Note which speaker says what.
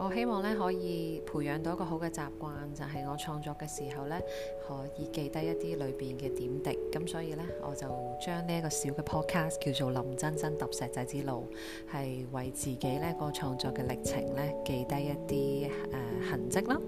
Speaker 1: 我希望咧可以培養到一個好嘅習慣，就係、是、我創作嘅時候咧，可以記低一啲裏邊嘅點滴。咁所以咧，我就將呢一個小嘅 podcast 叫做《林珍真揼石仔之路》，係為自己咧個創作嘅歷程咧記低一啲誒、呃、痕跡啦。